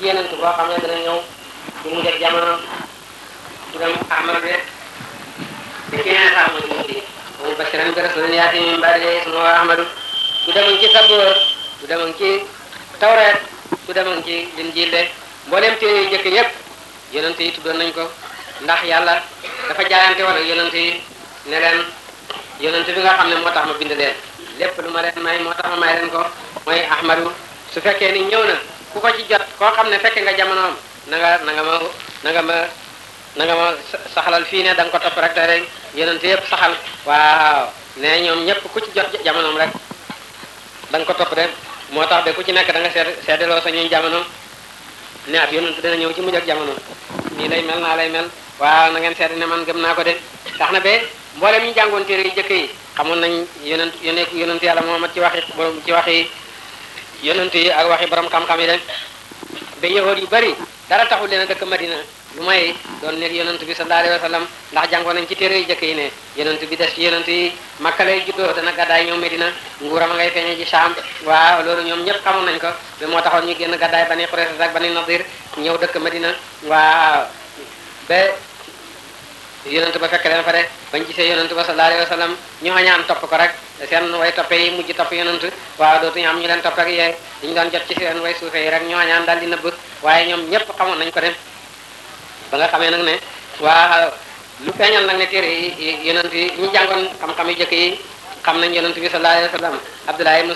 yeneen boo xam ne dana ñëw bu mu jot jamono turam Ahmad bi te keneen sax Ahmad mu di mooy du demoon ci Sabuur du demoon ci Tawreet du demoon ci Linjiil de mboolem téere yu njëkk yépp yonent yi tuddoon nañ ko ndax yàlla dafa jaayante wala yonent yi ne leen yonent bi nga xam ne moo tax ma bind leen lépp lu ma leen may moo tax ma may leen ko mooy Ahmadu su fekkee ni ñëw na. ku ko ci jot koo xam ne fekke nga jamonoom na nga na nga ma na nga ma na nga ma saxalal fii ne da nga ko topp rek tey yonent yëpp saxal waaw ne ñoom ñëpp ku ci jot jamonoom rek da ko topp rek moo tax de ku ci nekk da nga seet seedeloo sa ñuy jamono ne ab yonent dina ñëw ci mujj ak jamono nii lay mel naa lay mel waaw na ngeen seet ne man gëm naa ko de tax na be mboolem ñu jàngoon téere yi jëkk yi xamoon nañ yonent yonent yàlla ma ci waxi borom ci waxi yonent yi ak waxi borom xam-xam yi rek ba yahood yu bari dara taxul leen na dëkk Madina lu may doon nekk yonent bi sallallahu alayhi wa sallam ndax jàngoon nañ ci téere yi jëkk yi ne yonent bi des ci yonent yi Makka lay juddoo dana gàddaay ñëw Medina nguuram a ngay feeñee ji Saam waaw loolu ñoom ñëpp xamoon nañ ko ba moo taxoon ñu génn gàddaay Bani Qurayza ba Bani Nadir ñëw dëkk Madina waaw ba yonent ba fekk leen fa de bañ gisee yonent ba sallallahu alayhi wa sallam ñu añaan topp ko rek seen way toppe mujj topp yonent waaw dootuñu am ñu leen topp ak yee dañu doon jot ci seen way suufe rek ñu añaan daal di nëbb waaye ñoom ñépp xamoon nañ ko de ba nga xamee nag ne waa lu feeñal nag ne téere yi yonent yi ñu jàngoon xam-xam yi jëkk yi xam nañ yonent bi sallallahu alayhi wa sallam Abdullah ibn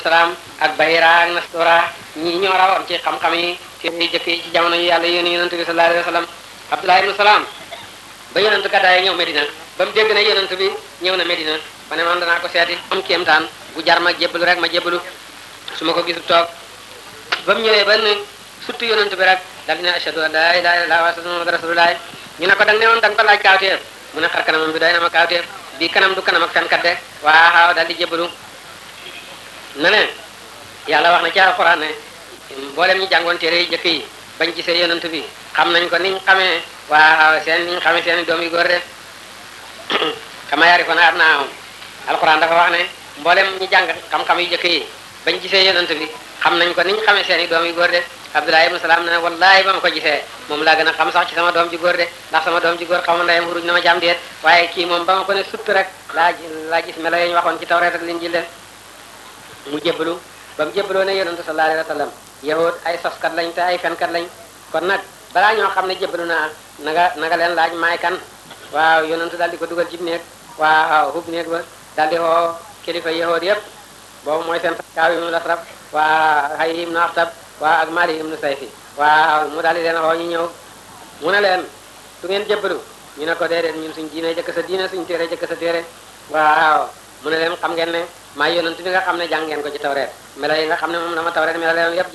ak Bayra ak Nastora ñi ñoo rawoon ci xam-xam yi téere yi jëkk yi ci jamono yu yàlla yónni yonent bi sallallahu alayhi wa sallam Abdullah ibn ba yonent gàddaay ñëw Medina ba mu dégg ne yonent bi ñëw na Medina ma ne man danaa ko seeti am kéemtaan bu jar ma jébbalu rek ma jébbalu su ma ko gis toog ba mu ñëwee ba ne surtout yonent bi rek dal dina ashhadu an laa ilaaha illallaah wa ashhadu anna rasuulullaah ñu ne ko dang ne woon ko laaj kaawteef mu ne xar kanamam bi doy na ma kaawteef bi kanam du kanam ak fenkat de waaw dal di jébbalu na ne yàlla wax na ci alxuraan ne mboolem ñi jàngoon téere yi jëkk bañ gisee yonent bi xam nañ ko ni xamee waaw seen ni ñu xamee seen doom yi gor de kama yarifuuna abnaahum alquran dafa wax ne mboolem ñu jàng xam-xam yu jëkk yi bañ gisee yonent bi xam nañ ko ni ñu xamee seen i doom yi gor de Abdullah ibn Salaam ne wallahi ba ma ko gisee moom laa gën a xam sax ci sama doom ji gor de ndax sama doom ji góor xaw ma ndeyam na ma jàmm déet waaye kii moom ba ma ko ne sutt rek laa laa gis melo yi ñu waxoon ci tawreet ak liñ ji leen mu jébbalu ba mu jébbaloo ne yonent sallallahu alayhi wa sallam yahud ay soskat lañ te ay fenkat kon nag balaa ñoo xam ne jébbalu naa na nga leen laaj maay kan waaw yonentu daal di ko dugal cib néeg waaw hub néeg ba daal di woo kilifa yahood yëpp boobu mooy seen kaaw la lasraf waa hay ibnu axtab waa ak maali say sayfi waaw mu daal di leen woo ñu ñëw mu ne leen du ngeen jébbalu ñu ne ko déedéet ñun suñ diine jëkk sa diine suñ téere jëkk sa téere waaw mu ne leen xam ngeen ne maay yonentu bi nga xam ne jàng ngeen ko ci tawreet melo yi nga xam ne moom la ma tawreet melo leen yëpp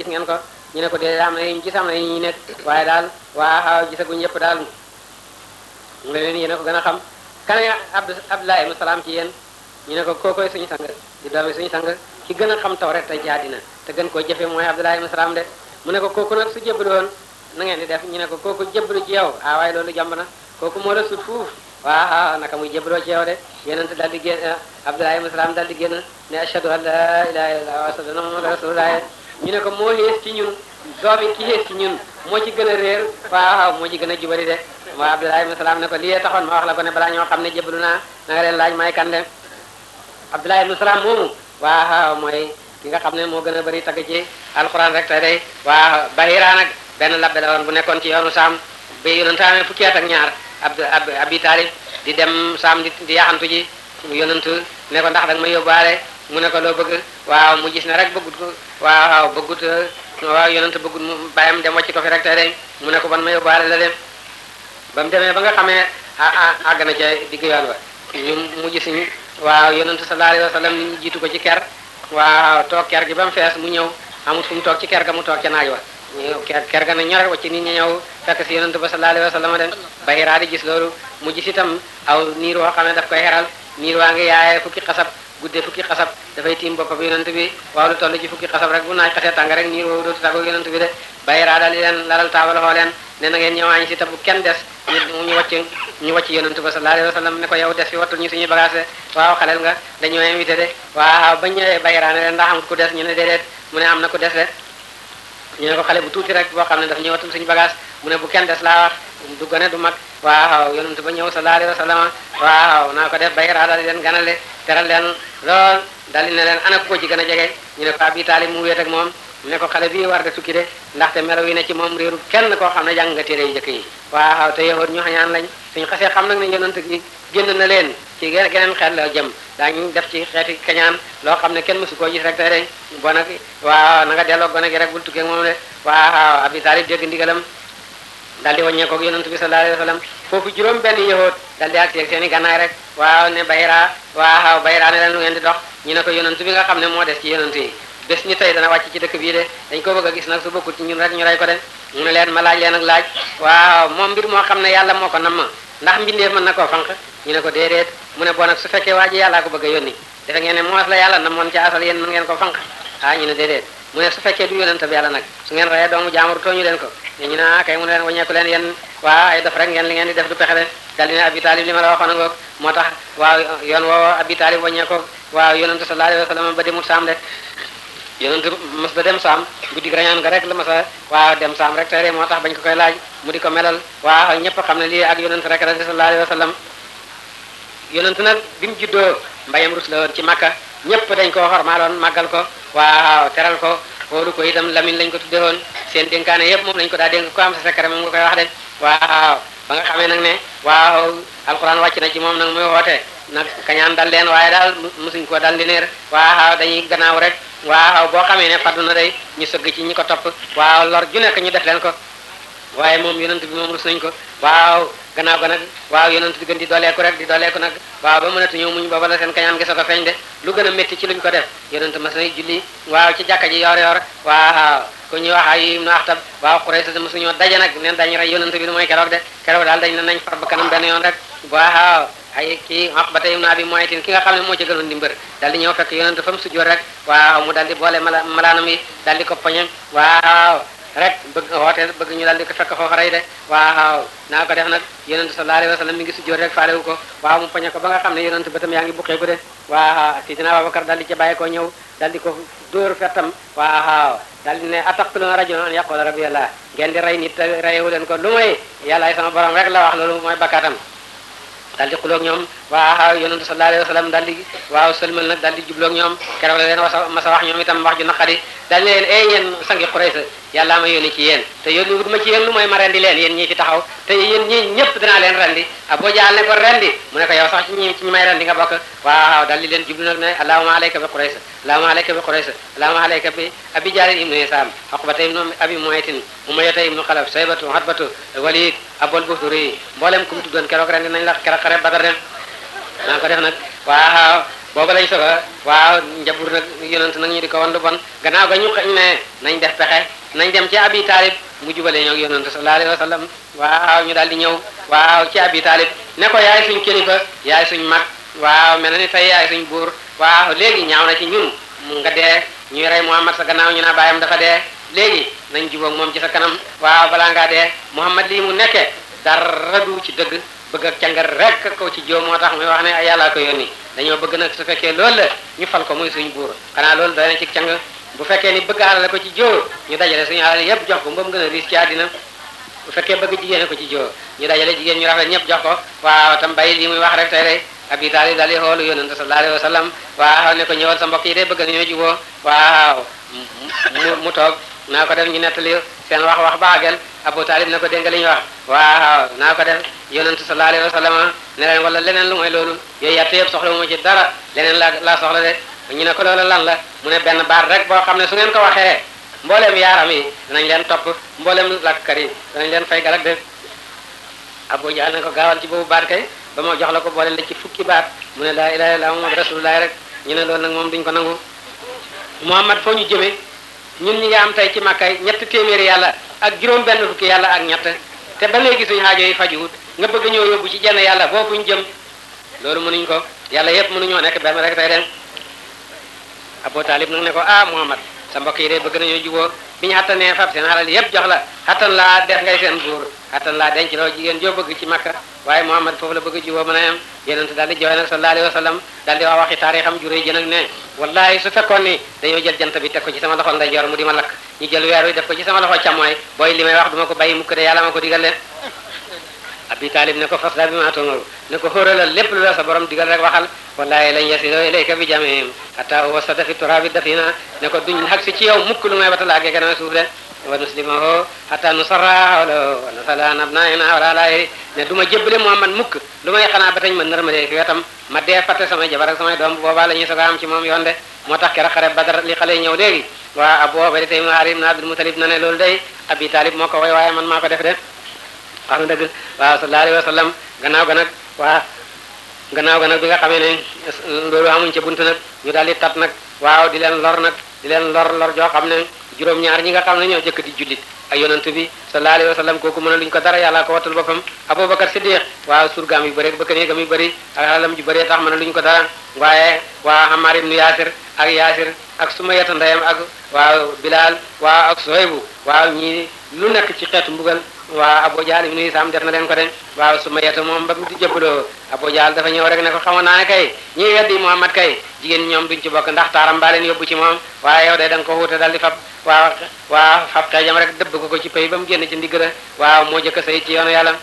ñu ne ko déedéet am na ñu gis am na ñu nekk waaye daal waa xaw gisaguñ yëpp daal mu ne leen yéen a ko gën a xam kan ya Abdu Abdulaay Salaam ci yen ñu ne ko kookoy suñu sang di doomi suñu sang ki gën a xam tawret te jaadina te gën koo jëfe mooy Abdulaay ibnu Salaam de mu ne kooku nag su jébbalu woon na ngeen di def ñu ne ko kooku jébbalu ci yow ah waaye loolu jàmb na kooku moo la sut fuuf waaw ah, ah, naka muy jébbaloo ci yow de yonent daal di génn Abdulaay ibnu Salaam di génn ne ashhadu an ñu ne ko moo xees ci ñun doomi ki xees ci ñun moo ci gën a réer waaw moo ci gën a jubari de moo Abdullahi ibn Salaam ne ko lii taxoon ma wax la ko ne bala ñoo xam ne jébbalu naa na nga laaj may kan de Abdullahi ibn Salaam moomu waaw mooy ki nga xam ne moo gën a bëri tagg ci alxuraan rek te day waaw Bahira benn labbe la woon bu nekkoon ci yoonu Saam bi yonantaame fukki at ak ñaar ab ab Abi Taalib di dem Saam di yaxantu ji yonantu ne ko ndax danga may yóbbaale mu ne ko loo bëgg waaw mu gis ne rek bëggut ko waaw bëggut waaw yonent bëggut mu bàyyam dem wàcc ko fi rek te de mu ne ko ban ma yóbbaale la dem ba mu demee ba nga xamee àgg na ca digg yoon wa ñu mu gis ñu waaw yonent sallallahu alayhi wa sallam ñu jiitu ko ci ker waaw toog ker gi ba mu mu ñëw amut fu toog ci ker ga mu toog ca naaj wa ker ker ga ne ñore wacc nit ñi ñëw fekk si yonent ba sallallahu alayhi wa sallam dem ba Hira gis loolu mu gis itam aw niir woo xam ne daf koy xeral niir waa ngi yaayee fukki xasab guddee fukki xasab dafay tiim bopp bi yonent bi waaw lu toll ci fukki xasab rek bu naaj xasee tàng rek niir woowu dootu tàggoog yonent bi de bayraa daal di leen lalal taabal xoo leen ne na ngeen ñëwaañ si te kenn des ñu ñu wàcc ñu wàcc yonent ba sallallahu alayhi wa sallam ne ko yow des fi wattul ñu suñuy bagage de waaw xaleel nga dañoo invité de waaw bañ ñëwee bayraa ne leen ndax ku des ñu ne déedéet mu ne am na ku des de ñu ne ko xale bu tuuti rek boo xam ne daf ñëwatul suñu bagage mu ne bu kenn des la wax du gone du mag waaw yonent ba ñëw sallallahu alayhi wa sallam waaw naa ko def bay raa daal di leen ganale teral leen lool daal di ne leen ana ku ko ci gën a jege ñu ne ko Abi Taalib mu wéet ak moom mu ne ko xale bi war de tukki de ndaxte melo yi ne ci moom réeru kenn koo xam ne jàng nga téere yu njëkk yi waaw te yowoot ñu xañaan lañ suñu xasee xam nag ne yonent gi génn na leen ci geneen xeet la jëm daañu def ci xeeti kañaan loo xam ne kenn mësu koo gis rek tey de bona gi waaw na nga delloo gone gi rek bul tukkee moom de waaw Abi Taalib dégg ndigalam daal di wàññeekoo ak yonent bi sallallahu alayhi wa sallam foofu juróom benn yahood daal di ak seen i gannaay rek waaw ne Bayra waaw Bayra ne leen lu ngeen di dox ñu ne ko yonent bi nga xam ne moo des ci yonent yi bés ñu tey dana wàcc ci dëkk bii de dañ ko bëgg a gis nag su bokkul ci ñun rek ñu rey ko de mu leen ma laaj leen ak laaj waaw moom mbir moo xam ne yàlla moo ko namm ndax mbindeef mën na koo fanq ñu ne ko déedéet mu ne bon su fekkee waa ji yàllaa ko bëgg a yónni defe ngeen ne moos la yàlla na moon ci asal yéen mën ngeen ko fanq ah ñu ne déedéet mu ne su fekkee nag su ngeen reyee doomu jaamur tooñu leen ko ne ñu ne ah leen wañeeku leen yéen waa ay ngeen li di def du pexe de dal dina abi ma la waxoon a ngoog moo tax waaw yoon woowo abi taalib wañeeko waaw yonentu sallallahu alayhi wa sallam ba demul saam de yonentu mos da dem saam guddi rañaan nga rek la masa waaw dem saam rek tere moo tax bañ ko koy laaj mu di ko melal waaw ñëpp xam ne lii ak yonentu rek la sallallahu alayhi wa sallam yonent nag bi mu juddoo mbayam rus la woon ci makka ñëpp dañ ko koo loon màggal ko waaw teral ko xoolu ko itam lamin lañ ko tudde woon seen dénkaane yëpp moom lañ ko daal dénk ko am sa secret moom nga koy wax de waaw ba nga xamee nag ne waaw alxuraan wàcc na ci moom nag muy woote nag kañaan dal leen waaye daal musuñ koo dal di neer waaw dañuy gannaaw rek waaw boo xamee ne faddu na day ñu sëgg ci ñu ko topp waaw lor ju ñu def leen ko waaye moom yonent bi moom rus nañ ko waaw gannaaw ko nag waaw yonent bi gën di dooleeku rek di dooleeku nag waaw ba mënatu ñëw muñ booba la seen kañaan gisa ko feeñ de lu gën a métti ci luñ ko def yonent mas nay julli waaw ci jàkka ji yoor yoor waaw ku ñuy wax ay ibnu axtab waaw xuraysa de daje nag neen dañ rey yonent bi lu mooy keroog de keroog daal dañ ne nañ far ba kanam benn yoon rek waaw ay kii Uqbata ibn Abi Muaytin ki nga xam ne moo ci gënoon di mbër daal di ñëw fekk yonent fa mu sujjoor rek waaw mu daal di boole mala malaanam yi daal di ko rek bëgg hooteel bëgg ñu daal ko fekk foofa rey de waaw naa ko def nag yonent sallallahu alayhi wa sallam mi ngi sujjóot rek faalewu ko waaw mu poñe ko ba nga xam ne yonent bëtam yaa ngi buqee ko de waaw sidina Abubakar daal di ca bàyyi koo ñëw daal di ko dóor fettam waaw daal di ne ataqtuluna rajulan an yaqula rabbi allah ngeen di rey nit reyewu leen ko lu mooy yàlla sama borom rek la wax loolu mooy bakkaatam daal di ñoom waaw wa sallam daal di waaw sëlmal nag daal di jubloog ñoom keroog wax ñoom itam wax ju naqari daal di ne yallaama ma yónni ci yéen te yónni wut ma ci yéen lu mooy ma rendi leen yéen ñii fi taxaw te yéen ñii ñëpp dinaa leen rendi Abu Jahl ne ko rendi mu ne ko yow sax ci ñi ci ñi may rendi nga bokk waaw dal li leen jublu nag ne allahumma alayka bi Quraysh allahumma alayka bi Quraysh allahumma alayka bi Abi Jahl ibnu Hisam Uqbata ibnu Abi Muaytin Umayyata ibnu Xalaf Saybatu mu tuddoon keroog rendi nañ la keroog xare Badar dem maa ko def nag waaw booba lañ soga waaw njabur nag yonent nag ñu di ko wan lu bon gannaaw ga ñu xëñ ne nañ def pexe nañ dem ci abi mu mu jubale ñoo yonente sallallahu alayhi wa sallam waaw ñu daal di ñëw waaw ci abi taalib ne ko yaay suñ kilifa yaay suñ mag waaw mel na ni tey yaay suñ buur waaw léegi ñaaw na ci ñun mu nga dee ñuy rey muhammad sa gannaaw ñu naa baayam dafa dee léegi nañ jubóog moom ci sa kanam waaw balaa ngaa dee muhammad lii mu nekkee dara du ci dëgg bëgg ak càngar rek ko ci joo moo tax muy wax ne yàllaa ko ni dañoo bëgg nag su fekkee lool la ñu fal ko muy suñ buur xanaa loolu doy na ci càng bu fekkee ni bëgg alal ko ci jóor ñu dajale suñu alal yépp jox ko mbamu gën a riis ci àddina bu fekkee bëgg jigéen ko ci jóor ñu dajale jigéen ñu rafet ñëpp jox ko waaw tam bàyyi li muy wax rek tey rek abi taalib daal di xoolu yonente sallallahu alayhi wa sallam waaw ne ko ñëwal sa mbokk yi de bëgg nañoo juboo waaw mu mu toog naa ko def ñu li seen wax wax baagal abu taalib na ko dégg li ñu wax waaw naa ko def yonente sallallahu alayhi wa sallam ne leen wala leneen lu mooy loolu yooyu yàtt yëpp soxla mu dara leneen laa laa soxla de ñu ne ko loolu lan la mu ne benn baat rek boo xam ne su ngeen ko waxee mbooleem yaaram yi danañ leen topp mbooleem lakkar yi danañ leen fay galak de Abu Jahl ne ko gaawal ci boobu baat kay ba jox la ko boole la ci fukki baat mu ne laa ilaaha illallaah Muhammad rasulullaah rek ñu ne loolu nag moom duñ ko nangu Muhammad foo ñu jëmee ñun ñu nga am tey ci Makka ñett téeméeri yàlla ak juróom benn fukki yàlla ak ñett te ba léegi suñu aajo yi fajuwut nga bëgg ñoo yóbbu ci jenn yàlla foofu ñu jëm loolu mënuñ ko yàlla yëpp mënuñoo nekk benn rek tey den Abu Talib nag ne ko ah Muhammad sa mbokk yi de bëgg nañoo juboo bi ñu xattanee fab seen xaral yépp jox la xattan laa def laa denc loo jigéen joo bëgg ci Makka waaye Muhammad foofu la bëgg juboo mën a yem yonent daal di jooy nag sallallahu alayhi wa sallam daal di wax su fekkoon ni dañoo jël jant bi teg ko ci sama loxo ndeyjoor mu di ma lakk ñu jël weer wi def ko ci sama loxo càmmooy booy li may wax duma ko bàyyi mukk de yàlla ma ko digal abi ne ko fasda bi la sa borom digal rek waxal wallahi lan yasilu ilayka bi jamihim hatta wasata fi turabi dafina ne ko duñ xag si ci yow mukk lu may ba talaagee kanam suuf de wa nuslimahu hatta nusarra hawlahu wa nusalla an abnaina wala laahiri ne du ma jébbale Muhammad mukk lu may xanaa ba tañ ma nërmalee fi wetam ma dee fàtte samay jabar ak samay doom boobaa la soga am ci moom yoon de moo Badar li xale ñëw léegi waa wax na dëgg waaw sallallahu alayhi wa sallam gannaaw ga nag waa gannaaw ga nag bi nga xamee ne loolu amuñ ca bunt nag ñu daal di tat nag waaw di leen lor nag di leen lor lor joo xam ne juróom-ñaar ñi nga xam ne ñoo jëkk di jullit ay yonent bi sallallahu alayhi wa sallam kooku mën a luñ ko dara yàlla ko wattul boppam abubakar siddiq waaw surgaam yu bëri bëkkaneegam yu bëri ak alalam ju bëri tax mën a luñ ko dara waaye waa Ammar ibnu Yaasir ak Yaasir ak Sumayata ndeyam ak waaw Bilal waaw ak Sohaybu waaw ñii lu nekk ci xeetu mbugal waa Abu Jahl ibnu Hisam def na leen ko de waaw su ma yetu moom ba mu di jëbbaloo Abu Jahl dafa ñëw rek ne ko xamoon naa ne kay ñuy weddi Muhammad kay jigéen ñoom duñ ci bokk ndax taaram baa leen ci moom waaye yow de da nga ko wuute dal di fab waaw waaw fab xeejam rek dëbb ko ko ci pay ba mu génn ci ndigg la waaw moo jëkk say ci yoonu yàlla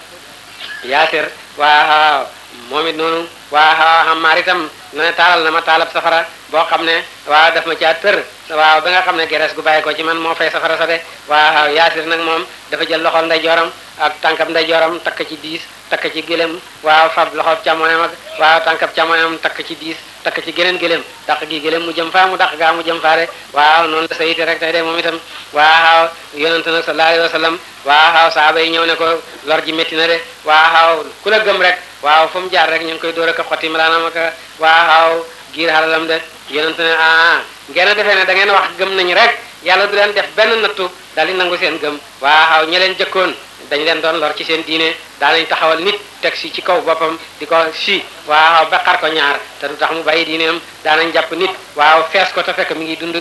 yaasir waaw moom it noonu waaw Hammaar itam mu ne taalal na ma taalab safara boo xam ne waaw daf ma caa tër waaw ba nga xam ne gerees gu bàyyi ko ci man moo fay safara sa de waaw yaasir nag moom dafa jël loxol ndeyjooram ak tànkam ndeyjooram takk ci diis takk ci gëlëm waaw fab loxoob càmmoñam ak waaw tànkab càmmoñam takk ci diis takk ci geneen gëlëm dàq gi gëlëm mu jëm faa mu dàq gaa mu jëm faare waaw noonu la sayite rek tey de moom itam waaw yonent na sallallahu alayhi waaw saaba yi ñëw ne ko lor ji métti na de waaw ku la gëm rek waaw fu jaar rek ñu ngi koy dóor ak xotti malaanam waaw giir xalalam de te ne ah, ah ngeen a defee ne da ngeen wax gëm nañu rek yàlla du leen def benn nattu daal di nangu seen gëm waaw ña leen jëkkoon dañ leen doon lor ci seen diine daanañ taxawal nit teg si ci kaw boppam di ko si waaw ba xar ko ñaar te du tax mu bàyyi diineem daanañ jàpp nit waaw fees ko te fekk mi ngi dund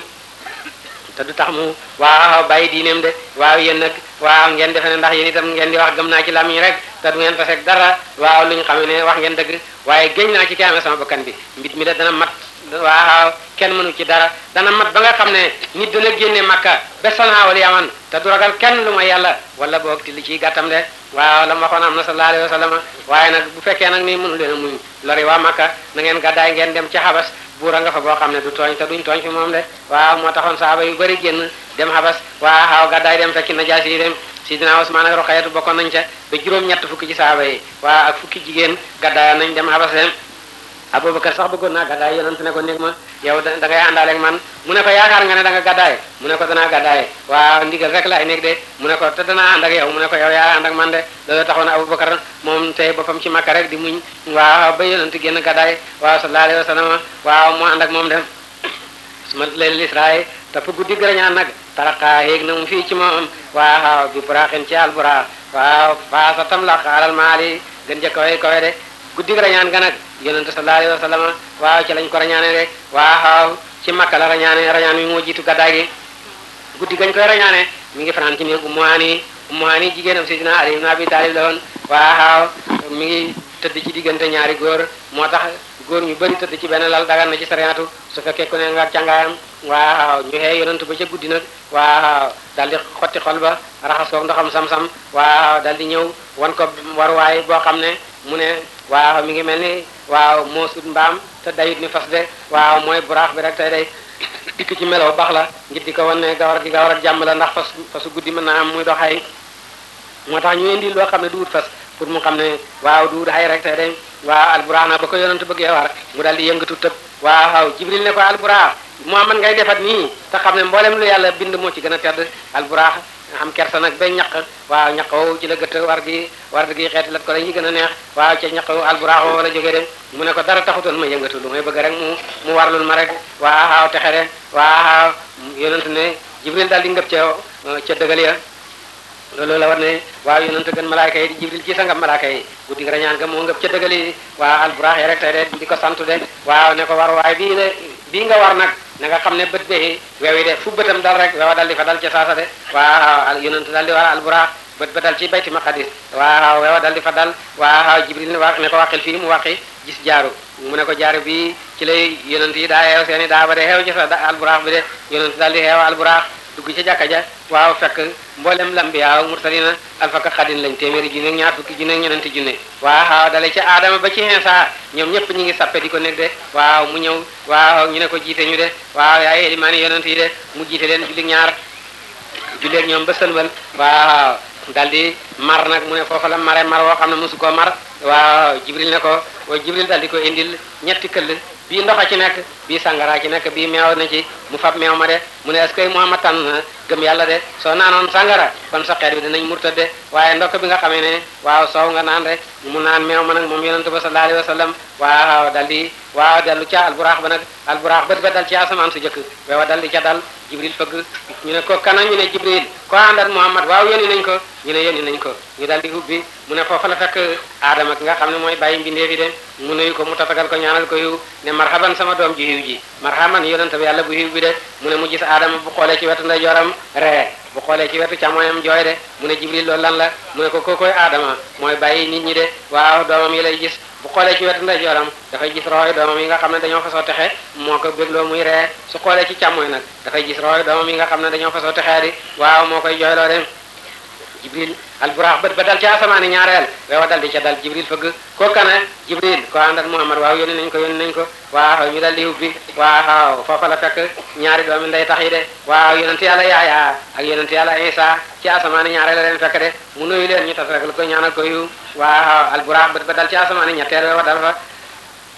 te du tax mu waa waaw bàyyi diineem de waaw yéen nag waaw ngeen defe ne ndax yéen itam ngeen di wax gëm naa ci lamiñ rek te du ngeen taseeg dara waa lu ñu xamee ne wax ngeen dëgg waaye géñ naa ci ki amee bakkan bi mbit mi de dana mat waaw kenn mënu ci dara dana mat ba nga xam ne nit dana génne makka ba sanaa wala yaman te du ragal kenn lu ma yàlla wala boog ti li ciy gàttam de waa la ma waxoon am na sallallahu alayhi wa sallam waaye nag bu fekkee nag ni mënu leen a muñ lori waa makka na ngeen gàddaay ngeen dem ci xabas buura nga fa boo xam ne du tooñ te duñ tooñ fi moom de waaw moo taxoon saaba yu bëri génn dem xabas waaw xaaw gàddaay dem fekki najaas yi dem sidina Usmaan ak Ruqayatu bokkoon nañ ca ba juróom-ñett fukki ci saaba yi waaw ak fukki jigéen gàddaay nañ dem xabas dem Abubakar sax bëggoon naa gàddaay yonent ne ko néeg ma yow da ngay àndaaleeg man mu ne ko yaakaar nga ne da nga gàddaay mu ne ko danaa gàddaay waaw ndigal rek laay néeg de mu ne ko te danaa ànd ak yow mu ne ko yow yaa ànd ak man de loolu taxoon Abubakar moom tey boppam ci Makka rek di muñ waaw ba yonent génn gàddaay waaw sallallahu alayhi wa sallam waa mu ànd ak moom dem su ma leen lisraay topp guddi gërëñaan nag na mu fii ci moom waaw bi buraaxin ci alburax waaw faasa tam la xaalal maali gën guddi rañaan ñaan nag yonente sallallahu alayhi wa sallam waaw ci lañ ko rañaane rek waaw ci makka la rañaan wi moo jiitu gàddaay gi guddi gañ koy rañaane mi ngi fanaan ci néeg Ummu Hani Ummu jigéenam Seydina Ali ibn Abi Talib la woon waaw mi ngi tëdd ci diggante ñaari góor moo tax góor ñu bari tëdd ci benn lal dagan ci sariyaatu su fekkee ku ne nga càngaayam waaw ñu xee yonent ba ca guddi nag waaw dal di xotti xol ba raxas ko ndoxam sam-sam waaw dal di ñëw wan ko waruwaay boo xam ne mu ne waaw mi ngi mel ni waaw moo sut mbaam te dayut ni fas de waaw mooy buraax bi rek tey day dikk ci melaw baax la ngir di ko wan ne gawar gi gawar ak la ndax fas fasu guddi mën naa am muy dox doxay moo tax ñu indi loo xam ne du wut fas pour mu xam ne waaw du wut xay rek tey day waaw alburax na ba ko bëgg bëggee war mu daal di yëngatu tëb waaw jibril ne ko alburax moo man ngay defat nii te xam ne mboolem lu yàlla bind moo ci gën a tedd alburax am kersa nag ba ñaq waaw ñaq woowu ci la gëtt war gi war gi xeet lat ko la ñuy gën a neex waaw ca ñaq alburaaxo la jógee de mu ne ko dara taxutoon ma yëngatu lu may bëgg rek mu mu warlul ma rek waaw texe de waaw yonent ne jibril daal di ngëb ca ca dëgal ya loolu la war ne waaw yonent gën malaaka yi di jibril ci sangam malaaka yi guddi nga ga ca dëgal yi waaw alburaax ya rek tey de di ko sant de waaw ne ko war waay bii ne bii nga war nag na nga xam ne bët bee wew yi de fu bëtam dal rek wewa dal di fa dal ca saasa de waaw yonent dal di waa alburax bët ba dal ci bayti maqadis waaw wewa dal di fa dal waaw jibril ne ko wàqil fii mu wàqi gis jaaru mu ne ko jaaru bi ci lay yonent yi daa xeew seeni daa ba de xeew ci sa alburax bi de yonent dal di dugg ca jàkka ja waaw fekk mboolem lambiyaaw mursalina alfaka xadin lañ téeméeri junne ñaar fukki junne ñenanti junne waaw dale ca aadama ba ci insa ñoom ñëpp ñi ngi sappe di ko nekk de waaw mu ñëw waaw ñu ne ko jiite ñu de waaw yaay elimaani yonent yi de mu jiite leen julli ñaar julleeg ñoom ba sëlmal waaw dal di mar nag mu ne foofa la mare mar woo xam ne mosu koo mar waaw jibril ne ko waaw jibril dal di ko indil ñetti këll bii ndox a ci nekk bii sàngaraa ci nekk bii meew na ci mu fab meew ma de mu ne est-ce que tànn gëm yàlla de soo naanoon sàngara kon sa bi dinañ murtad de waaye ndokk bi nga xamee ne waaw soow nga naan rek mu naan meew ma nag moom yonent ba sallallahu alayhi wa sallam waaw dal waaw dellu ca alburaax ba nag alburaax bët ba dal ci asamaan su jëkk wewa dal di ca dal jibril fëgg ñu ne ko kanan ñu ne jibril ko àndat muhammad waaw yónni nañ ko ñu ne yónni nañ ko ñu dal di ubbi mu ne foofa la fekk adama ki nga xam ne mooy bàyyi mbindeef yi de mu nuyu ko mu tatagal ko ñaanal ko yiw ne marhaban sama doom ji yiw ji marhaban yonente bi yàlla bu yiw bi de mu ne mu gis aadama bu xoolee ci wetu ndeyjooram ree bu xoolee ci wetu càmmoñam jooy de mu ne jibril lan la mu ko kookoy aadama mooy bàyyi nit ñi de waaw doomam yi lay gis bu xoolee ci wetu ndeyjooram dafay gis rooy doomam yi nga xam ne dañoo fasoo texe moo ko bégloo muy ree su xoolee ci càmmooy nag dafay gis rooy doomam yi nga xam ne dañoo fasoo texee di waaw moo koy jooyloo dem jibril alburaax bët ba dal ca asamaani ñaareel wewa dal di ca dal jibril fëgg ko kana jibril ko ànd ak muhammad waaw yónni nañ ko yónni nañ ko waaw ñu dal di ubbi waaw foofa la fekk ñaari doomi nday tax yi de waaw yonent yàlla yaaya ak yonent yàlla isa ci asamaani ñaareel la leen fekk de mu nuyu leen ñu tas rek lu ko ñaana ko yu waaw alburaax bët ba dal ci asamaani ñetteel wewa dal fa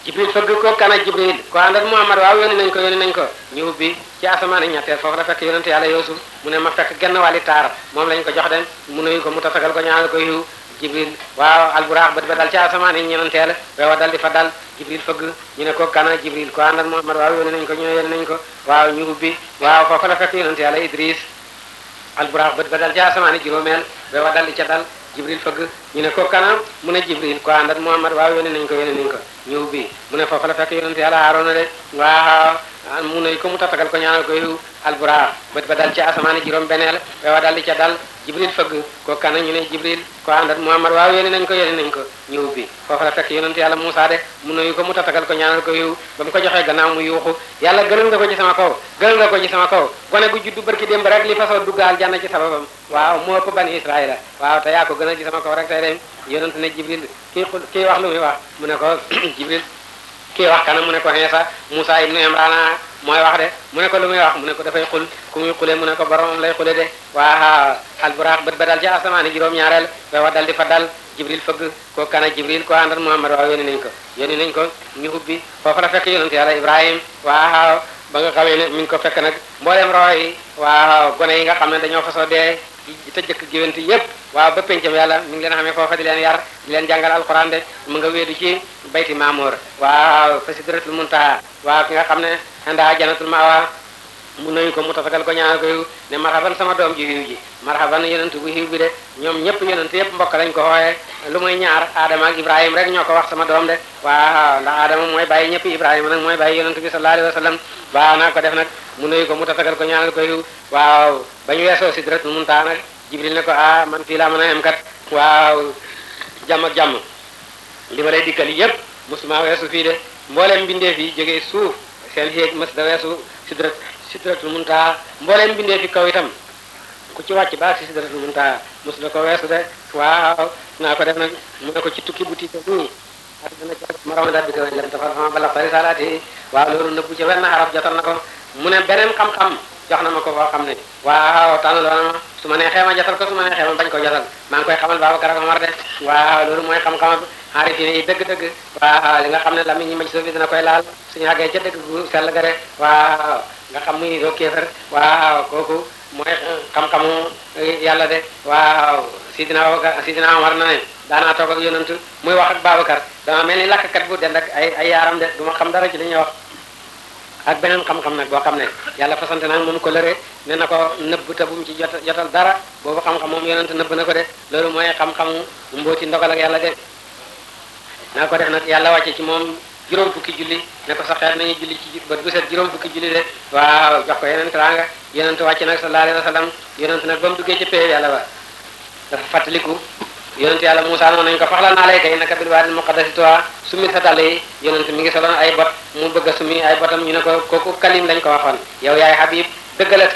jibril fëgg ko kana jibril ko ànd ak muhammad waaw yónni nañ ko yónni nañ ko ñu ubbi ci asamaan ak ñetteel foofu la fekk yonente yàlla yoosuf mu ne ma fekk genn wàlli taar moom lañ ko jox den mu nuyu ko mu tasagal ko ñaanal ko yiw jibril waaw alburaax bët ba dal ci asamaan yi ñenanteel weewa dal di fa dal jibril fëgg ñu ne ko kana jibril ko ànd ak muhammad waaw yónni nañ ko ñu ne yónni nañ ko waaw ñu ubbi waaw foofu la fekk yonente yàlla idris alburaax bët ba dal ci asamaan yi juróomeel weewa jibril fëgg ñu ne ko kanam mu ne jibril ko ànd ak muhammad waaw yónnee nañ ko yónnee nañ ko ñëw bi mu ne foofu la fekk yonent yàlla aaroona de waaw ah mu nuyu ko mu tatagal ko ñaanal ko yow alburaar bët ba dal ci asamaani juróom-benneel ba waa dal di ca dal jibril fëgg ko kana ñu ne jibril ko àndat muhammad waaw yónni nañ ko yónni nañ ko ñëw bi foofu la fekk yonent yàlla Muusaa de mu ko mu tatagal ko ñaanal ko yow ba mu ko joxee gannaaw mu yuuxu yàlla gënal nga ko ci sama kaw gënal ko ci sama kaw gone gu juddu barki démb rek li fasoo duggaal janna ci sababam waaw moo ëpp bani israila waaw te yaa ko gënal ci sama kaw ne jibril kii kii wax lu muy wax mu ne ko jibril kii wax kana mu ne ko xeesa Musa ibnu Imrana mooy wax de mu ne ko lu muy wax mu ne ko dafay xul ku muy mu ne ko boromam lay xule de waa alburaax bët ba dal ci asamaani juróom-ñaareel ba wa dal di fa dal jibril fëgg ko kana jibril ko àndal Muhammad waaw yónni nañ ko yónni nañ ko ñu ubbi foofu la fekk yonent yàlla Ibrahim waaw ba nga xamee ne ngi ko fekk nag mbooleem rooy waaw gone yi nga xam ne dañoo fasoo dee yi te jëkk géwént yépp waaw ba pencam yàlla mi ngi leen xamee foofa di leen yar di leen jàngal alquran de mu nga wéedu ci bayti maamoor waaw fa sidratul muntaha waaw ki nga xam ne andaa janatul mawa mu nuyu ko mu tasagal ko ñaanal ko yiw ne marhaban sama doom ji yiw ji marhaban yonent bu yiw bi de ñoom ñëpp yonent yëpp mbokka lañ ko xooyee lu muy ñaar Adama ak Ibrahima rek ñoo ko wax sama doom de waaw ndax Adama mooy bàyyi ñëpp Ibrahima nag mooy bàyyi yonent bi sallallahu alayhi wa sallam waaw naa ko def nag mu nuyu ko mu tasagal ko ñaanal ko yiw waaw ba ñu weesoo sidratul muntaha nag Jibril ne ko ah man fii laa mën a am kat waaw jàmm ak jàmm li ma lay dikkal yëpp musuma weesu fii de mboolem mbindeef yi seen yéeg mës da weesu sidrat si sidratul muntaha mbooleem bindee fi kaw itam ku ci wàcc ba si sidratul muntaha mos la ko weesu de waaw naa ko def nag mu ne ko ci tukki bu tiita nii ak dana ci ma ramadat bi ko lam tafarama bala fari salaati waaw loolu nëbbu ci wenn na ko mu ne beneen xam-xam jox na ma ko foo xam ne waaw tànn loona ma su ma neexee ma jotal ko su ma neexee ma bañ ko jotal maa ngi koy xamal Babacar ak Omar de waaw loolu mooy xam-xam xarit yi dëgg-dëgg waaw li nga xam ne lamiñ ñi ma soo sofi dina koy laal suñu àggee ca dëgg gu sell ga de waaw nga xam muy nitoo kéefar waaw kooku mooy xam-xamu yàlla de waaw sidina sidina Omar na ne daanaa toog ak yonantu muy wax ak Babacar dama mel ni lakkat bu dend ak ay ay yaaram de du ma xam dara ci li ñuy wax ak beneen xam-xam nag boo xam ne yàlla fasante nag moom ko lëre ne na ko nëbb te ci jot jotal dara boobu xam-xam moom yonent nëbb na ko de loolu mooy xam-xamu mbooti ndogal ak yàlla de naa ko def nag yàlla wàcce ci moom juróom fukki julli ne ko sa xeet nañu julli ci ba bu set juróom fukki julli de waaw jox ko yeneen teraanga yonent wàcc nag sallallahu alayhi wa sallam yonent nag ba mu duggee ba dafa fàttaliku yonent yàlla ko faxla naa lay kay naka bil waadil muqaddasi tuwa summi sa dàll yi yonent mi ngi soloon ay bot mu bëgg a summi ay botam ñu ne ko kooku kalim lañ yow yaay Habib dëggale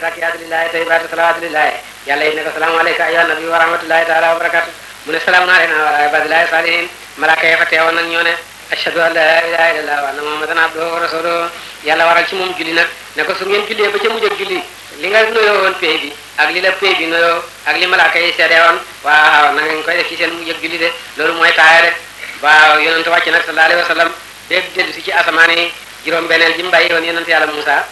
rakiyaat lillahi tayyibaat salawaat lillahi yàlla yi ne ko salaamu aleyka ayyuha nabi wa rahmatullahi taala wa barakatu mu ne salaamun aleyna wa ala ibadillahi salihin malaaka yi fa teewoon nag ñoo ne ashhadu an la ilaha illallah wa anna muhammadan abduhu wa rasuluhu yàlla waral ci moom julli nag ne ko su ngeen jullee ba ca mujj ak julli li nga nuyoo woon pay bi ak li la pay bi nuyoo ak li malaaka yi seedee woon waaw na ngeen koy def ci seen mujj ak julli de loolu mooy taaya rek waaw yonent wàcc nag sallallahu alayhi wa sallam dégg dellu si ci asamaan yi juróom beneen ji mu bàyyi woon yonent yàlla Musa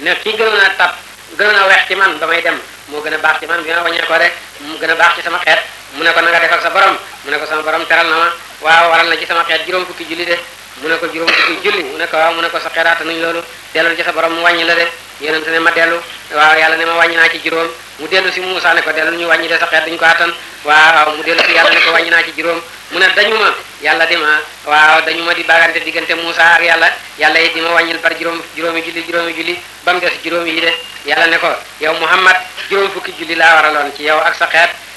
ne ki gënoon a tab gënoon a weex ci man ba may dem moo gën a baax ci man bi ma wàññee ko de mu gën a baax ci sama xeet mu ne ko defal sa borom mu ne sama borom teral na ma waaw waral na ci sama xeet juróom fukki julli de mu ne ko juróom dugg julli mu ne ko waaw mu ne ko sa xeraata nañ loolu dellu ci sa borom mu wàññi la de yonente ne ma dellu waaw yàlla ne ma wàññi naa ci juróom mu dellu si Muusa ne ko dellu ñu wàññi de sa xeet duñu ko attan waaw mu dellu si yàlla ne ko wàññi naa ci juróom mu ne dañu ma yàlla di ma waaw dañu ma di bagante diggante Muusa ak yàlla yàlla yi di ma wàññil par juróom juróomi julli juróomi julli ba mu des juróomi yi de yàlla ne ko yow Muhammad juróom fukki julli laa waraloon ci yow ak sa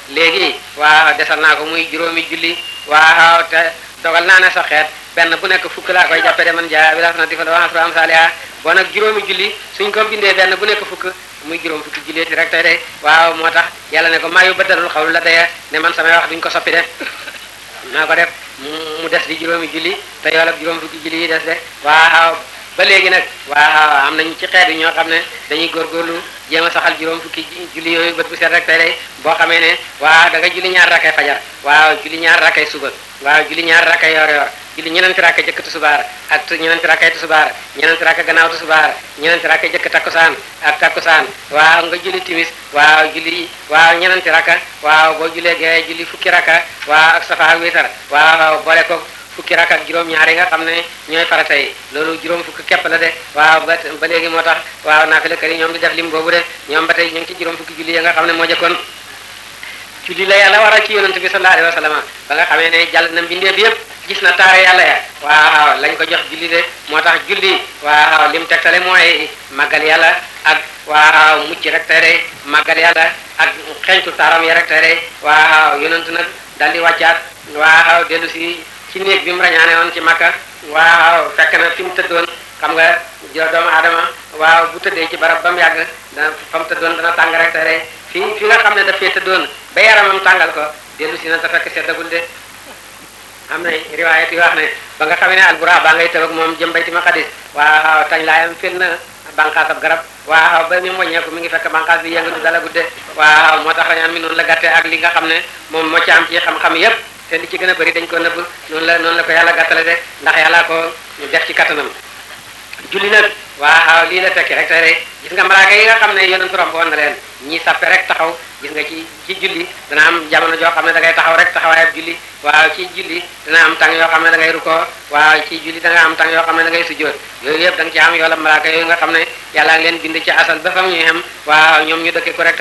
léegi waaw desal naa ko muy juróomi julli waaw te naa ne sa benn bu nekk fukk laa koy jàppe de man jaa bi laa fa na di fa dawa asru am boo nag juróomi julli suñ ko bindee benn bu nekk fukk muy juróom fukki julli ti rek tey waaw moo tax yàlla ko maa yu baddalul xawlu la daya ah. ne man samay wax duñ ko soppi de naa ko def mu des di juróomi julli te yoolab juróom fukki julli yi des de waaw ba léegi nag waaw am nañ ci xeet yi ñoo xam ne dañuy góorgóorlu jéem a saxal juróom fukki julli yooyu bët bu set rek tey day boo xamee ne waaw da nga julli ñaar rakkay fajar waaw julli ñaar rakkay suba waaw julli ñaar rakkay yor yor julli ñenenti raaka jëkk tisbaar ak ñenenti raakay tisbaar ñenenti raaka gannaaw tisbaar ñenenti raaka jëkk takkusaan ak takkusaan waaw nga julli timis waaw julli waaw ñenenti raaka waaw boo jullee gee julli fukki raaka waaw ak safa ak wiitar waaw boo ko fukki rakk ak juróom ñaari nga xam ne ñooy farata yi loolu juróom fukki kepp la de waaw ba ba léegi moo tax waaw naafila kër yi ñoom di def lim boobu de ñoom ba tey ñu ngi ci juróom fukki julli ya nga xam ne moo jëkkoon julli la a ci yonent bi sallallahu alayhi wa ba nga xamee ne jàll na mbindeef yépp gis na taare yàlla ya waaw lañ ko jox julli de moo tax julli waaw lim tegtale mooy màggal yàlla ak waaw mucc rek tere màggal yàlla ak xeeñtu taaram ya rek tere waaw yonentu nag dal di wàccaat waa dellu si ci néeg bi mu rañaane woon ci makka waaw fekk na fi mu tëddoon xam nga jo doomu aadama waaw bu tëddee ci barab ba mu yàgg dana fa mu tëddoon dana tàng rek tere fii fi nga xam ne dafee tëddoon ba yaramam tàngal ko dellu si na te fekk seddagul am na riwaayat yoo xam ne ba nga xamee ne ak alburax baa ngay tëb ak moom jëm bayti maqadis waaw tañ laayam fil na banqaas ab garab waaw ba ñu moññeeku mu ngi fekk banqaas bi yëngatu dala gudde waaw moo tax rañaan mi noonu la gàtte ak li nga xam ne moom moo ci am ci xam-xam yépp te li ci gën a bëri dañ ko nëbb noonu la noonu la ko yàlla gàttale de ndax yàlla ko def ci kattanam julli nag waa lii la fekk rek tey gis nga malaaka yi nga xam ne yonentu romb woon na leen ñii sappe rek taxaw gis nga ci ci julli dana am jamono joo xam ne da ngay taxaw rek taxawaayab julli waaw ci julli dana am tàng xam ne da ngay rukoo waaw ci julli da am tàng yoo xam ne da ngay sujjóot yooyu yëpp da nga ci am yoola malaaka yooyu nga ne yàlla leen bind ci asal ba fam ñuy xam waaw ñoom ñu dëkke ko rek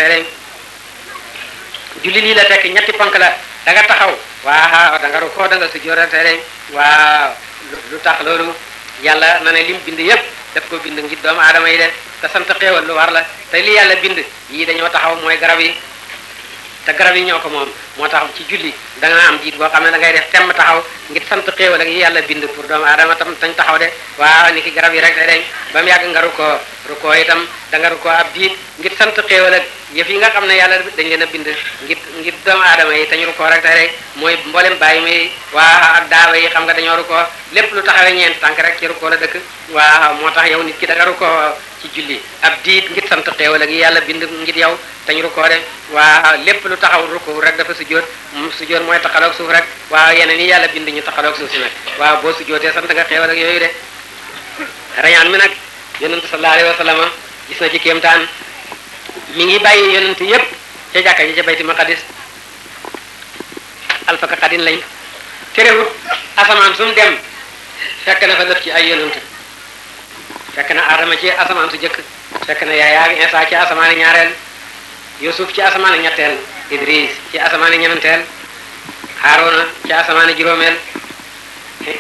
lii la tekki ñetti ponk la da nga taxaw waa da nga danga da nga sujjóot rek tey de lu tax loolu yàlla na ne lim bind yépp daf ko bind ngir doomu aadama yi de te sant xéewal lu war la te li yàlla bind yii dañoo taxaw mooy garab yi te garab yi ñoo ko moom moo tax ci julli da nga am jiit boo xam ne da ngay def temm taxaw ngir sant xéewal ak yi yàlla bind pour doomu aadama tam tañ taxaw de waa ni ki garab yi rek day dañ ba mu yàgg nga rukkoo rukkoo itam da nga rukkoo ab jiit ngir sant xéewal ak yëf yi nga xam ne yàlla dañ leen a bind ngir ngir doomu aadama yi tañ rukkoo rek day mooy mooy mboolem bàyyi muy waa ak yi xam nga dañoo rukkoo lépp lu taxawee ñeen tànk rek ci rukkoo la dëkk waaw moo tax yow ci julli ab diit ngir sant xéewal ak yàlla bind ngir yow tañ rukkoo de waa lépp lu taxaw rukkoo rek dafa sujjóot sujjóot mooy taxaloog suuf rek waaw yeneen yi yàlla bind ñu taxaloog suuf si nag waaw boo sujjóotee sant nga xéewal ak yooyu de rañaan mi nag yonent sallallahu alayhi wa gis na ci kéemtaan mi ngi bàyyi yonent yépp ca jàkka ji ca ma maqadis alfaka xadin lañ terewut asamaan su mu dem fekk na fa def ci ay yonent fekk na Adama ci asamaan su jëkk fekk na Yaya ak Isa ci asamaan ñaareel Yusuf ci asamaan ñetteel Idris ci asamaan ñeenteel Haruna ci asamaan juróomeel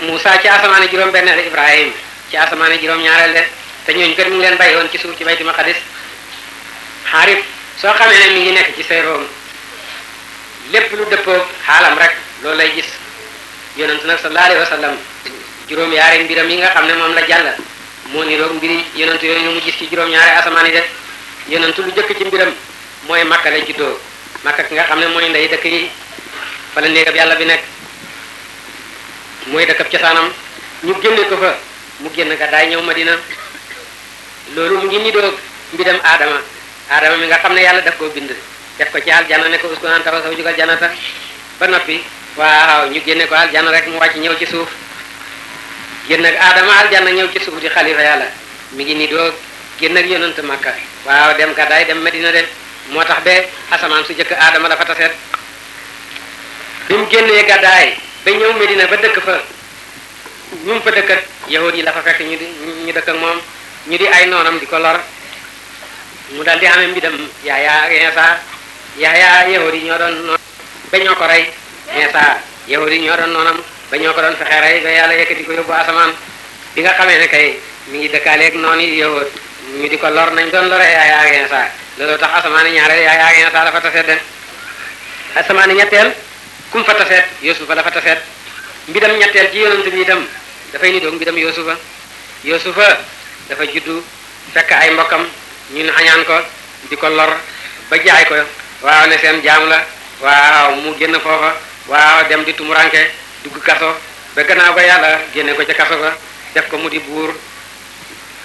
Musa ci asamaan juróom-benneel Ibrahim ci asamaan juróom-ñaareel de te ñooñu kër mi ngi leen bàyyi woon ci suuf ci bayti maqadis xaarif soo xamee ne mi ngi nekk ci séeroom lépp lu dëppoog xaalam rek loolu lay gis yonent nag sallallahu alayhi wa sallam juróom yaari mbiram yi nga xam ne moom la jàll moo ni roog mbiri yonent yooyu mu gis ci juróom-ñaari asamaani de yonent lu jëkk ci mbiram mooy makka la juddoo makka ki nga xam ne mooy ndey dëkk yi fa la néegab bi nekk mooy dëkkab cosaanam ñu génne ko fa mu génn gàddaay ñëw ma dina loolu mu ngi nidoog mbiram aadama aadama mi nga xam ne yàlla def koo bind def ko ci aljana ne ko uskun anta wa zawjuka aljanata ba noppi waaw ñu génne ko aljana rek mu wàcc ñëw ci suuf génn ak aadama aljanna ñëw ci suuf di xalifa yàlla mi ngi ni doo génn ak yonent makka waaw dem gàddaay dem medina de moo tax ba asamaan su jëkk aadama dafa taseet bi mu génnee gàddaay ba ñëw medina ba dëkk fa ñu fa dëkkat yahud yi la fa fekk ñu di moom ñu di ay noonam di ko lor mu dal di amee mbidam yaayaa ak insa yaayaa yahud yi ñoo doon noon ba ñoo ko rey insa yahud yi ñoo doon noonam ba ñoo ko doon fexe rey ba yàlla yëkkati ko yóbbu asamaan bi nga xamee ne kay mi ngi dëkkaaleeg noonu yowóot ñu di ko lor nañ doon lore yaay ak Insa loolu tax asamaan ñaareel yaay ak Insa la fa taseet de asamaan ñetteel kum fa taseet Yusufa la fa taseet mbidam ñetteel ci yonent bi itam dafay ni doog mbidam Yusufa Yusufa dafa juddu fekk ay mbokkam ñun añaan ko di ko lor ba jaay ko waaw ne seen jaam la waaw mu génn foofa waaw dem dugg kaso ba gannaaw ba yàlla génne ko ca kaso ba def ko mu di buur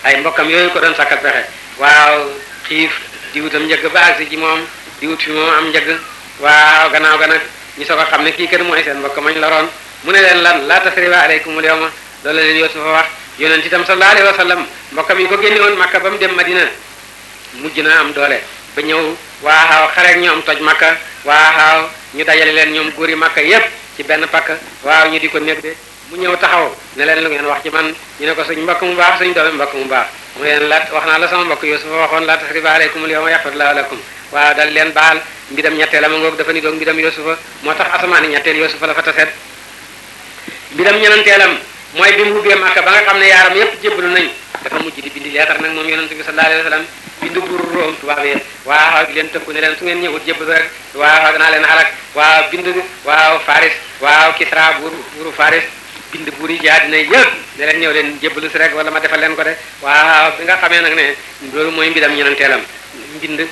ay mbokkam yooyu ko doon sakkal pexe waaw xiif di wutam njëgg ba agsi ci moom di wut fi moom am njëgg waaw gannaaw ga nag ñu soog a xam ne kii kenn mooy seen mbokk mañ loroon mu ne leen lan laata tasriba aleykum al yawma loolu leen Yuusufa wax yonent itam sallallahu alayhi wa mbokkam yi ko génne woon Makka ba mu dem Madina mujj na am doole ba ñëw waaw xare ak ñoom toj Makka waaw ñu dajale leen ñoom góori Makka yépp ci benn pakk waaw ñu di ko nekk de mu ñëw taxaw ne leen lu ngeen wax ci man ñu ne ko suñ mbokk mu baax suñ doomi mbokk mu baax mu leen laat wax naa la sama mbokk Yuusufa waxoon laa tasriba aleykumul yawma yaxfirullahu lakum waaw dal leen baal mbidam ñetteel ama ngoog dafa ni doog mbidam Yuusufa moo tax asamaani ñetteel Yuusufa la fa taset mbidam ñenanteelam mooy bi mu ubbee Màkka ba nga xam ne yaaram yépp jébbalu nañ dafa mujj di bindi leetar nag moom yonent bi sallallahu alayhi wa sallam bind buur Room tubaab waaw leen tëkku ne su ngeen ñëwut jëbb rek waaw danaa leen alak waaw bind waaw Faris waaw Kisra buur buuru Faris bind buur yi jaadina yëpp ne leen ñëw leen jébbalu si rek wala ma defal leen ko de waaw bi nga xamee nag ne loolu mooy mbidam ñenanteelam mbind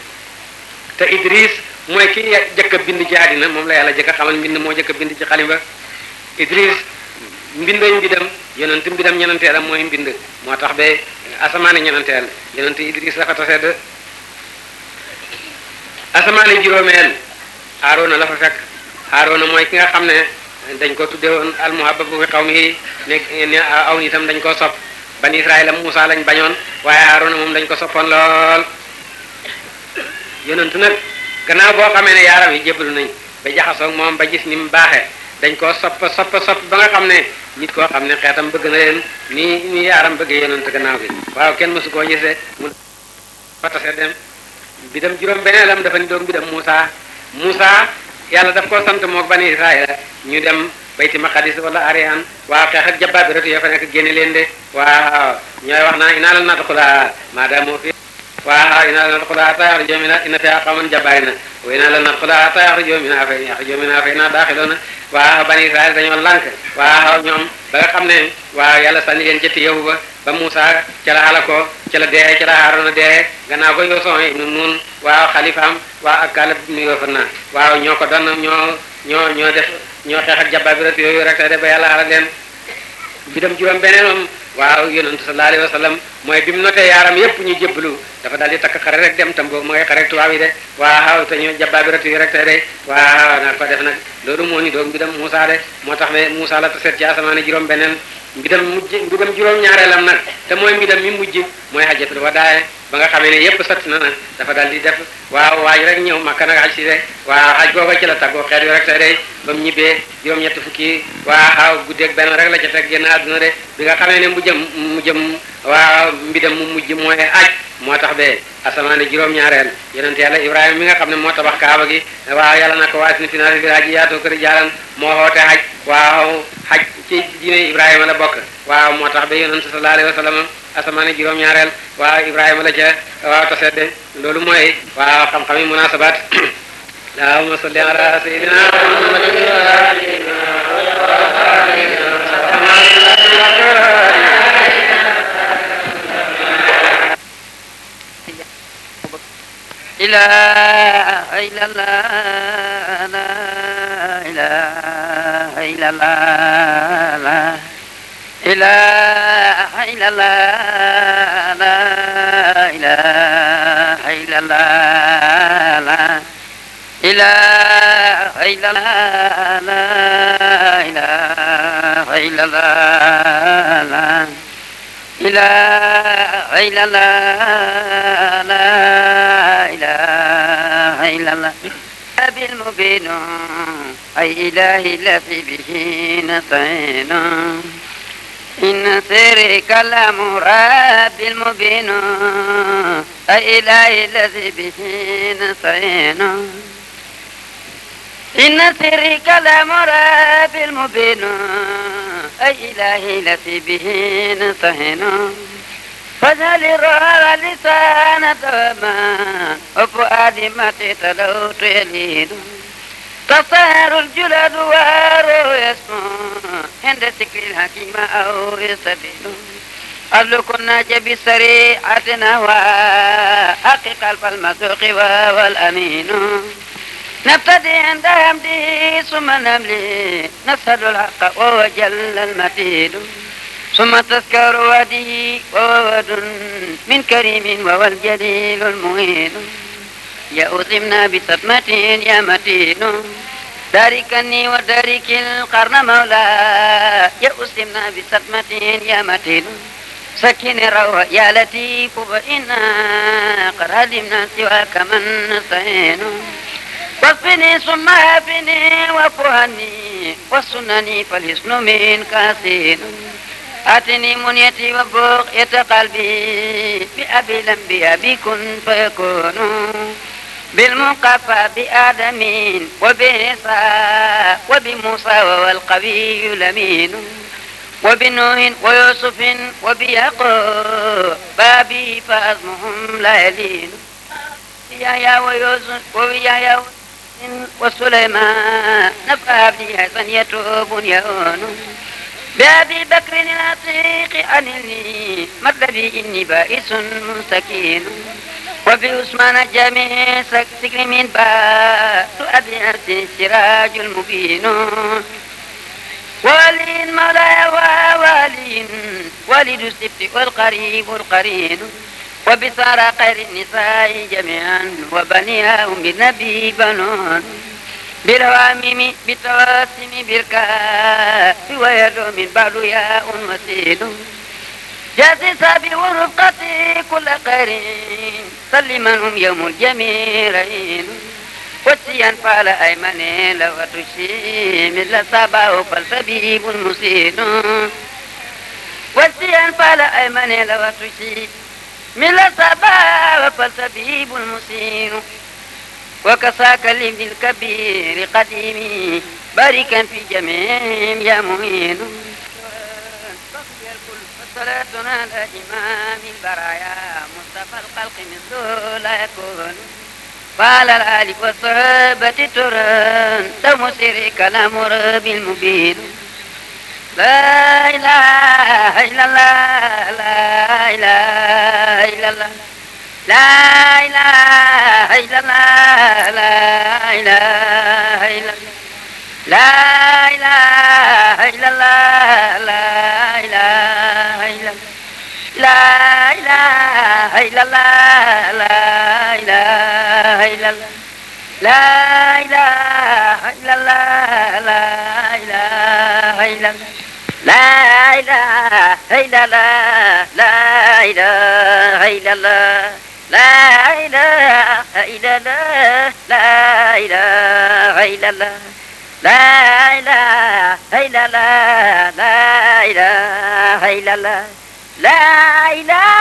te Idris mooy ki jëkk a bind jaadina moom la yàlla jëkk a xamal mbind moo jëkk a bind ci xalima Idris mbinday mbidam yonent mbidam ñenanteelam mooy mbind moo tax ba asamaane ñenanteel yonent Idris la fa tasedd asamaane juróomeel Aaroona la fa fekk Aaroona mooy ki nga xam ne dañ ko tudde woon almuhabbabu fi qawmihi ne ne aw dañ ko sopp bani Israayila Muusa lañ bañoon waaye Aaroona moom dañ ko soppoon lool yonent nag gannaaw boo xamee ne yaaram yi jébbalu nañ ba jaxasoo moom ba gis ni mu baaxee dañ koo soppa soppa sopp ba nga xam ne nit koo xam ne xeetam bëgg na leen nii nii yaaram bëggee yonent gannaaw bi waaw kenn mësu koo gis de mu fatase dem bidam juróom beneelam dafa ni doom dem Muusa Muusa yàlla daf koo sant mook bani Israayila ñu dem bay bayti maqadis wala arian waa xeex ak rek yoo fa nekk génne leen de waaw ñooy wax naa inaa lan naa taxula maa daamoo fi waaw ina la nadxula hatta yaxruja minha inna fiha qawman jabbaarina wa ina la nadxula hatta yaxruju minha fa in yaxruju minha fa inna daaxiluuna waaw bani israil dañoo lànk waaw ñoom ba nga xam ne waaw yàlla sànni leen jëtti yow ba ba Muusa ca la ko ca la dee ca la Haaruna dee gannaaw ko Yooson ibnu Nuun waaw xalifaam waaw ak Kaalab ibnu Yoofanna waaw ñoo ko doon ñoo ñoo ñoo def ñoo xeex ak jabaabirat yooyu rek de ba yàlla xala leen bi dem juróom beneen waaw yonentu sallallahu alayhi wa sallam mooy bi mu notee yaaram yépp ñu jébbalu dafa daal di takk xare rek dem tam boobu ma ngay xare tubaab yi de waaw te ñu jabbaabiratu yi rek tey de waaw naa ko def nag loolu moo ni doog mbidam Moussa de moo tax ne Moussa la taseet ci asamaane juróom beneen mbidam mujj mbidam juróom ñaareelam nag te mooy mbidam mi mujj mooy xajatul wadaaye ba nga xamee ne yépp sott na nag dafa daal di def waaw waaj rek ñëw makka nag aj si de waaw aj googa ci la tàggoo xeet wi rek tey day ba ñibbee juróom-ñetti fukki waaw guddeeg benn rek la ca teg génn bi nga xamee ne mu jëm mu jëm waaw mbidam mu mujj mooy aj moo tax be asamaane juróom-ñaareel yonent yàlla ibrahima mi nga xam ne moo tabax kaaba gi waaw yàlla na ko waa sini finance bi haji yaatoo kër jaalan moo xoote aj waaw aj ci diine ibrahima la bokk waaw moo tax ba yonent sallallahu alayhi wa sallam asamaane juróom-ñaareel waaw Ibrahima la ca waaw tase de loolu mooy waaw munasabat allahumma salli ala sayyidina muhammadin wa ala alihi wa sahbihi لا إله إلا الله إله إلا الله لا إله إلا الله لا إله إلا الله لا إله إلا الله لا إله إلا الله لا إله إلا الله أبي المبين أي إلهي الذي به نستعين إن سيرك لمراد المبين إله الذي به نستعين إن سيرك لمراد المبين إله الذي به نستعين فاجعل الرغى لسان دوما وفؤاد ما تتلوت يلين تصهر الجلد وهار يسمع عند ذكر الحكيم أو يستبين قبل كنا جب سريعتنا وحق قلب المسوق وهو الأمين نبتدي عند حمده ثم نملي نشهد الحق وهو جل المتين ثم تذكر وادي وهو ود من كريم وهو الجليل المهين يؤثمنا بصدمة يا متين تاركني وتارك القرن مولا يؤثمنا بصدمة يا متين سكن روى يا لطيف فإنا قد هدمنا سواك من نستعين وصفني ثم هفني وفهني وسنني فالحسن منك حسين أتني منيتي وبقية قلبي بأبي لم بأبي كن فيكون بالمقفى بآدم وبعيسى وبموسى والقوي لمين وبنوح ويوسف وبيعقوب بابي فأزمهم لا يلين يحيى ويوسف ويحيى وسليمان نفع بن حسن يتوب يهون بأبي بكر العتيق عن مد بي إني بائس مستكين وفي عثمان جميع سكر من باء أبيات سراج المبين ولي مولاي وولي ولد السبت والقريب القرين وبصار خير النساء جميعا وبنيهم بالنبي بنون بالوامم بالتواسم بالكاف ويدعو من بعد ياء وسيل جاسس بورقتي كل قرين سلمهم يوم الجميلين قدسيا فعل أيمن لو تشيم إلا صابه فالطبيب المسيد قدسيا فعل أيمن لو تشيم إلا صابه فالطبيب المسيد وكساك لذي الكبير قديم باركا في جميع يا مهين صلاتنا على إمام البرايا مصطفى الخلق منذ لا يكون وعلى الآل والصحابة تران دم سيرك الأمر بالمبين لا إله إلا الله لا إله إلا الله لا إله إلا الله لا إله إلا الله لا إله إلا الله لا إله illallah la ilaha illallah la ilaha illallah la ilaha illallah la ilaha illallah la ilaha illallah la ilaha illallah la ilaha illallah la ilaha illallah la ilaha illallah la ilaha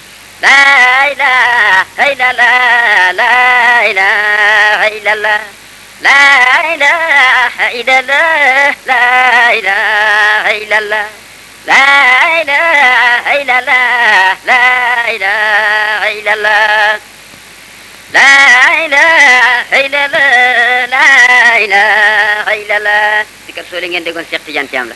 laa ilaaha illallaah laa ilaaha illallaah laa ilaaha illallaah laa ilaaha illallaah laa ilaaha illallaah laa ilaaha illallaah laa ilaaha illallaah laa ilaaha illallaah. Sikar soo leen ngeen déggoon Cheikh Tidiane Thiam la.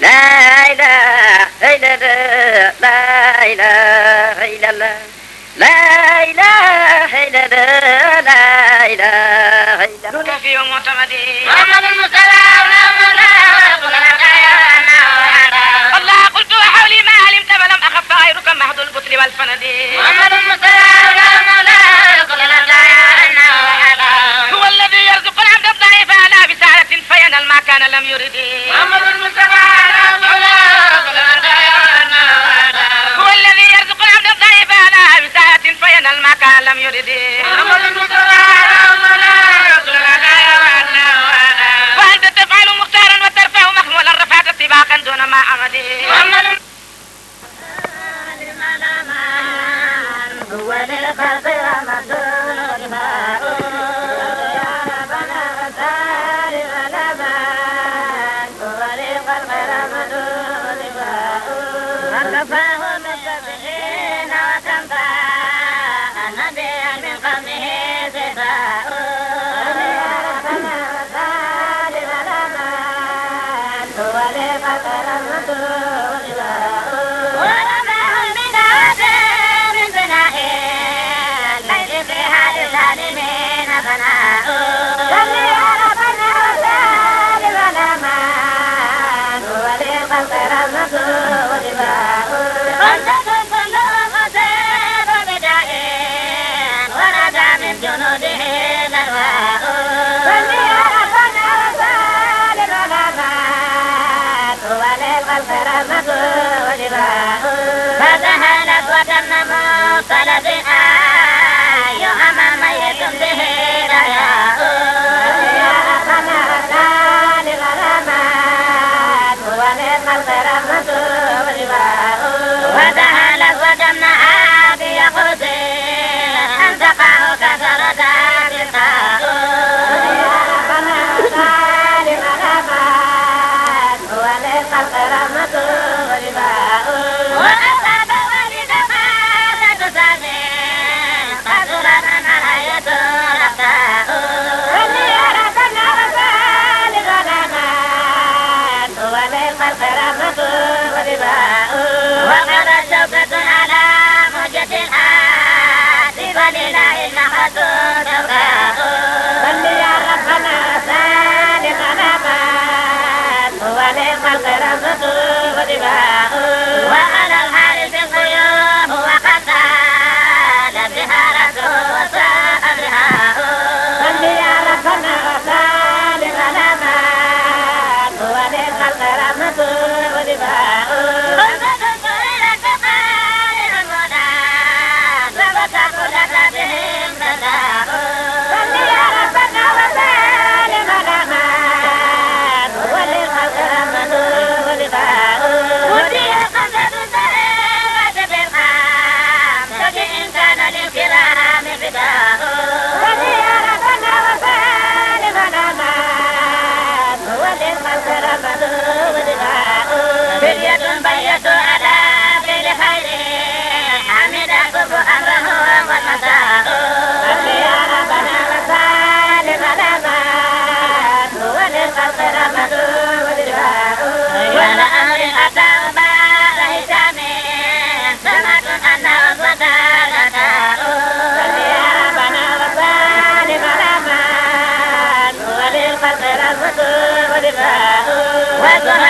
لا إله إلا الله لا إله إلا الله لا إله إلا الله لا إله إلا الله نكفي معتمدي محمد المصطفى الله قلت وحولي ما علمت فلم أخف غيرك محض البطل والفند محمد المصطفى هو الذي يرزق العبد برسالة فينال ما كان لم يرد محمد المصطفى هو الذي يرزق العبد الضعيف على بساعة فينال ما كان لم يرد محمد المصطفى فأنت تفعل مختارا وترفع مخمولا رفعت اتباقا دون ما أمد محمد هو للخلق رمضان Gracias. وسهى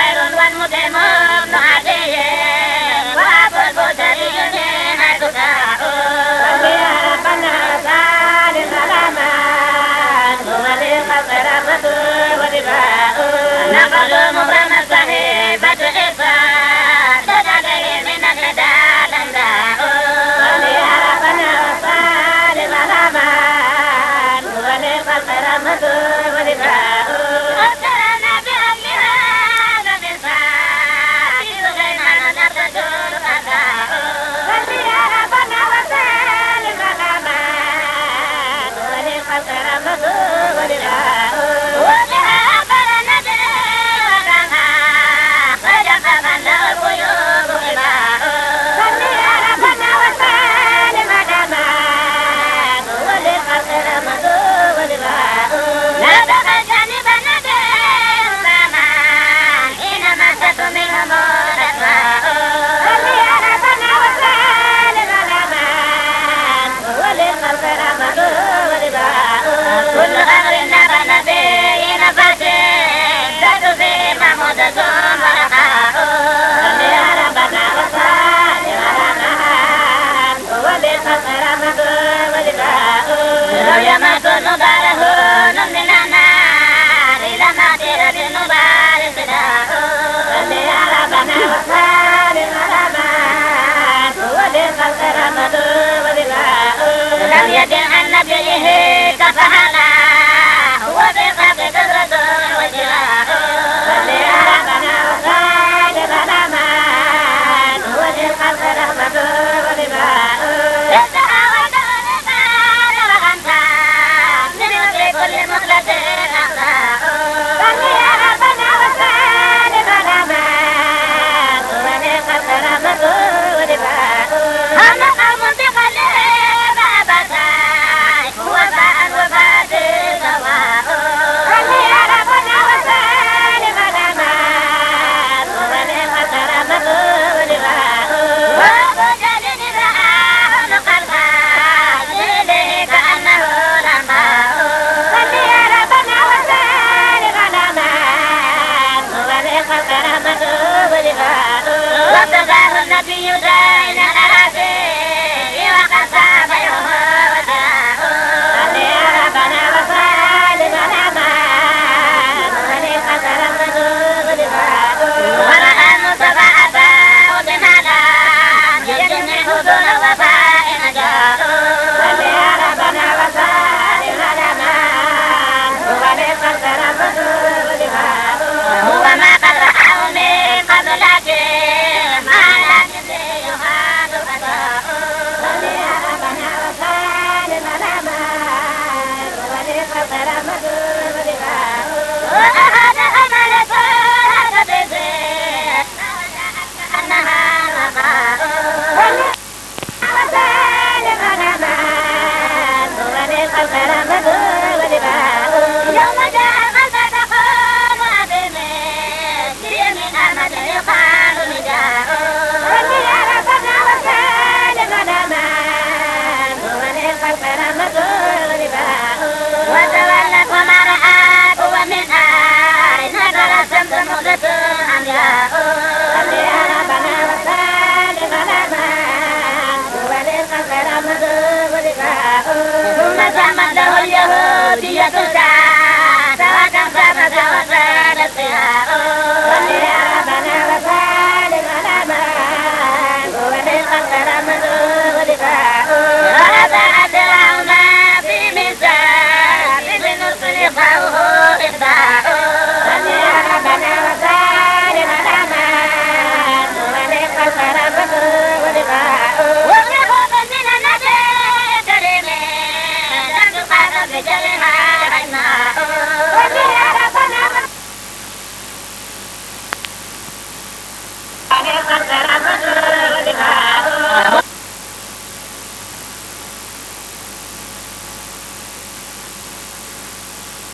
مسمى له اليهودية ساعة وكم سبق وسادت فيها